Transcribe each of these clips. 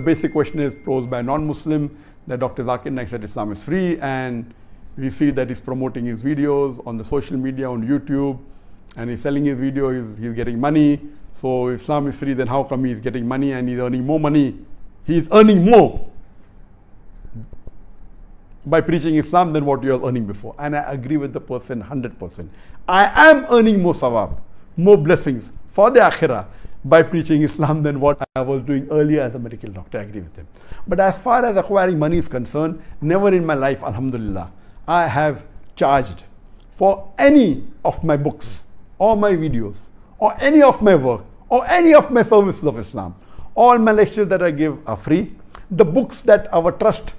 The basic question is posed by a non-Muslim that Dr. Zakir Naik said Islam is free and we see that he's promoting his videos on the social media, on YouTube, and he's selling his video, he's, he's getting money. So Islam is free, then how come he's getting money and he's earning more money? He's earning more by preaching Islam than what you are earning before. And I agree with the person 100%. I am earning more sawab, more blessings for the akhirah by preaching Islam than what I was doing earlier as a medical doctor. I agree with him. But as far as acquiring money is concerned, never in my life, Alhamdulillah, I have charged for any of my books or my videos or any of my work or any of my services of Islam. All my lectures that I give are free. The books that our trust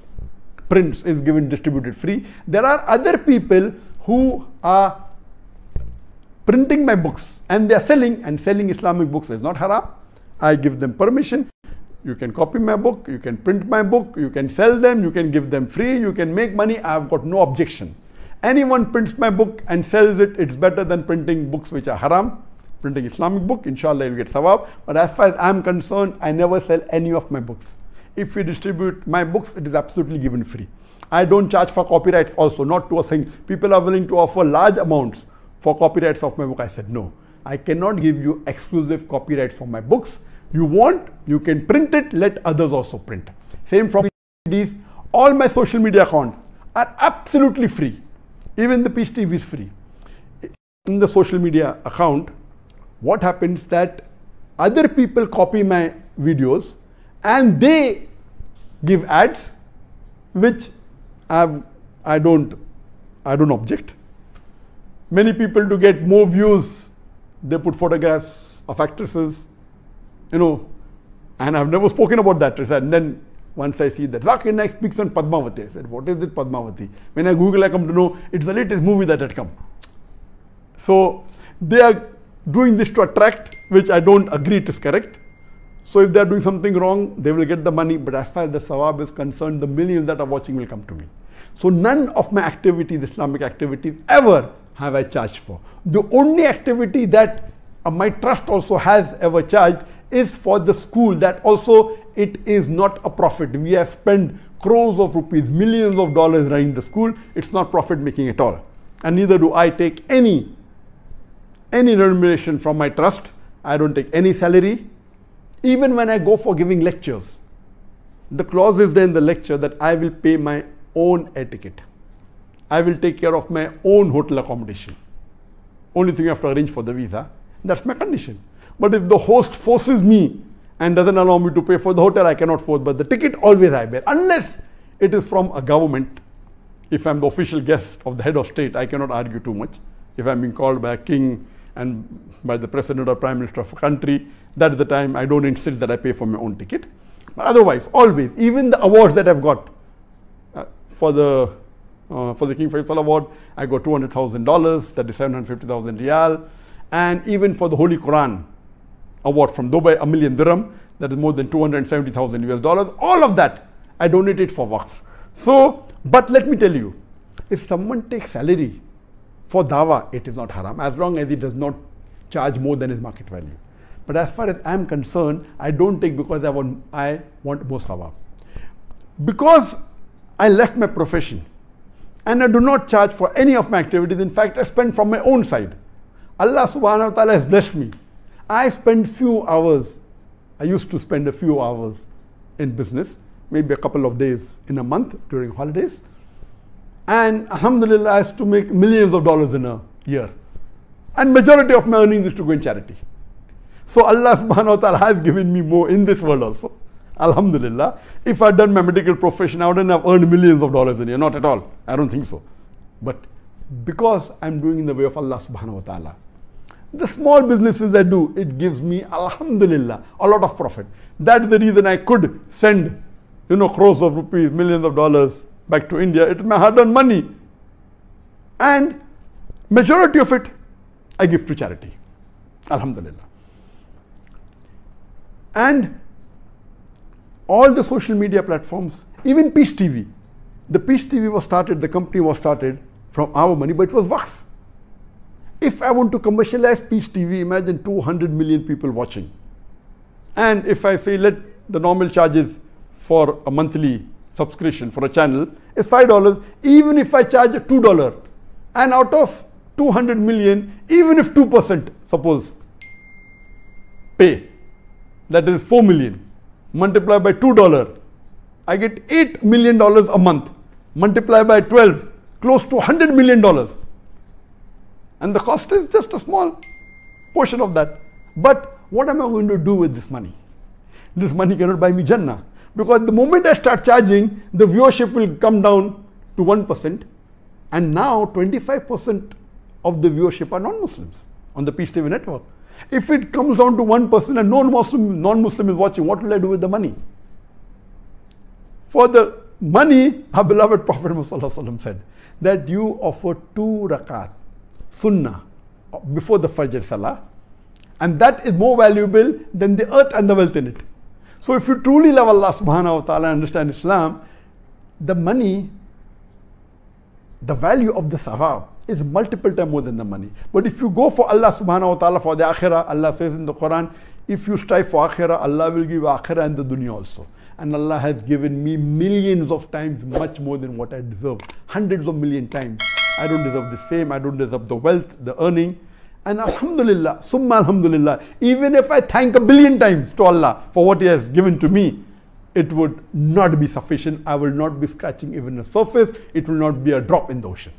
prints is given distributed free. There are other people who are printing my books and they are selling and selling Islamic books is not haram. I give them permission. You can copy my book, you can print my book, you can sell them, you can give them free, you can make money. I have got no objection. Anyone prints my book and sells it, it's better than printing books which are haram. Printing Islamic book, inshallah, you'll get sawab. But as far as I'm concerned, I never sell any of my books. If you distribute my books, it is absolutely given free. I don't charge for copyrights also, not to a thing. People are willing to offer large amounts for copyrights of my book. I said no. I cannot give you exclusive copyright for my books. You want, you can print it, let others also print. Same from these. all my social media accounts are absolutely free. Even the Peace TV is free. In the social media account, what happens that other people copy my videos and they give ads which I've, I don't I don't object. Many people to get more views they put photographs of actresses, you know, and I've never spoken about that. And then once I see that, Zakir Naik speaks on Padmavati. I said, what is this Padmavati? When I Google, I come to know it's the latest movie that had come. So they are doing this to attract, which I don't agree it is correct. So if they are doing something wrong, they will get the money. But as far as the sawab is concerned, the millions that are watching will come to me. So none of my activities, Islamic activities, ever have I charged for. The only activity that uh, my trust also has ever charged is for the school that also it is not a profit. We have spent crores of rupees, millions of dollars running the school. It's not profit making at all. And neither do I take any, any remuneration from my trust. I don't take any salary. Even when I go for giving lectures, the clause is there in the lecture that I will pay my own etiquette. I will take care of my own hotel accommodation. Only thing I have to arrange for the visa. That's my condition. But if the host forces me and doesn't allow me to pay for the hotel, I cannot force. But the ticket always I bear, unless it is from a government. If I'm the official guest of the head of state, I cannot argue too much. If I'm being called by a king and by the president or prime minister of a country, that is the time I don't insist that I pay for my own ticket. But otherwise, always, even the awards that I've got uh, for the uh, for the King Faisal Award, I got $200,000, that is 750,000 Riyal. And even for the Holy Quran Award from Dubai, a million dirham, that is more than 270,000 US dollars. All of that, I donated for Waqf. So, but let me tell you, if someone takes salary for dawa, it is not haram, as long as he does not charge more than his market value. But as far as I'm concerned, I don't take because I want, I want more sawab. Because I left my profession, and I do not charge for any of my activities. In fact, I spend from my own side. Allah subhanahu wa ta'ala has blessed me. I spend few hours. I used to spend a few hours in business, maybe a couple of days in a month during holidays. And alhamdulillah, I used to make millions of dollars in a year. And majority of my earnings is to go in charity. So Allah subhanahu wa ta'ala has given me more in this world also. Alhamdulillah. If I'd done my medical profession, I wouldn't have earned millions of dollars in a year. Not at all. I don't think so. But because I'm doing in the way of Allah subhanahu wa ta'ala, the small businesses I do, it gives me, alhamdulillah, a lot of profit. That is the reason I could send, you know, crores of rupees, millions of dollars back to India. It's my hard-earned money. And majority of it, I give to charity. Alhamdulillah. And all the social media platforms, even Peace TV. The Peace TV was started, the company was started from our money, but it was Waqf. If I want to commercialize Peace TV, imagine 200 million people watching. And if I say let the normal charges for a monthly subscription for a channel is $5, even if I charge $2, and out of 200 million, even if 2%, suppose, pay, that is 4 million multiply by $2, I get $8 million a month. Multiply by 12, close to $100 million. And the cost is just a small portion of that. But what am I going to do with this money? This money cannot buy me Jannah. Because the moment I start charging, the viewership will come down to 1%. And now 25% of the viewership are non-Muslims on the Peace TV network. If it comes down to one person and no Muslim, non-Muslim is watching, what will I do with the money? For the money, our beloved Prophet Muhammad said that you offer two rakat, sunnah, before the Fajr Salah, and that is more valuable than the earth and the wealth in it. So if you truly love Allah subhanahu wa ta'ala and understand Islam, the money the value of the sawab is multiple times more than the money. But if you go for Allah subhanahu wa ta'ala for the akhirah, Allah says in the Quran, if you strive for akhirah, Allah will give akhirah and the dunya also. And Allah has given me millions of times much more than what I deserve. Hundreds of million times. I don't deserve the fame, I don't deserve the wealth, the earning. And Alhamdulillah, Summa Alhamdulillah, even if I thank a billion times to Allah for what He has given to me, it would not be sufficient. I will not be scratching even the surface. It will not be a drop in the ocean.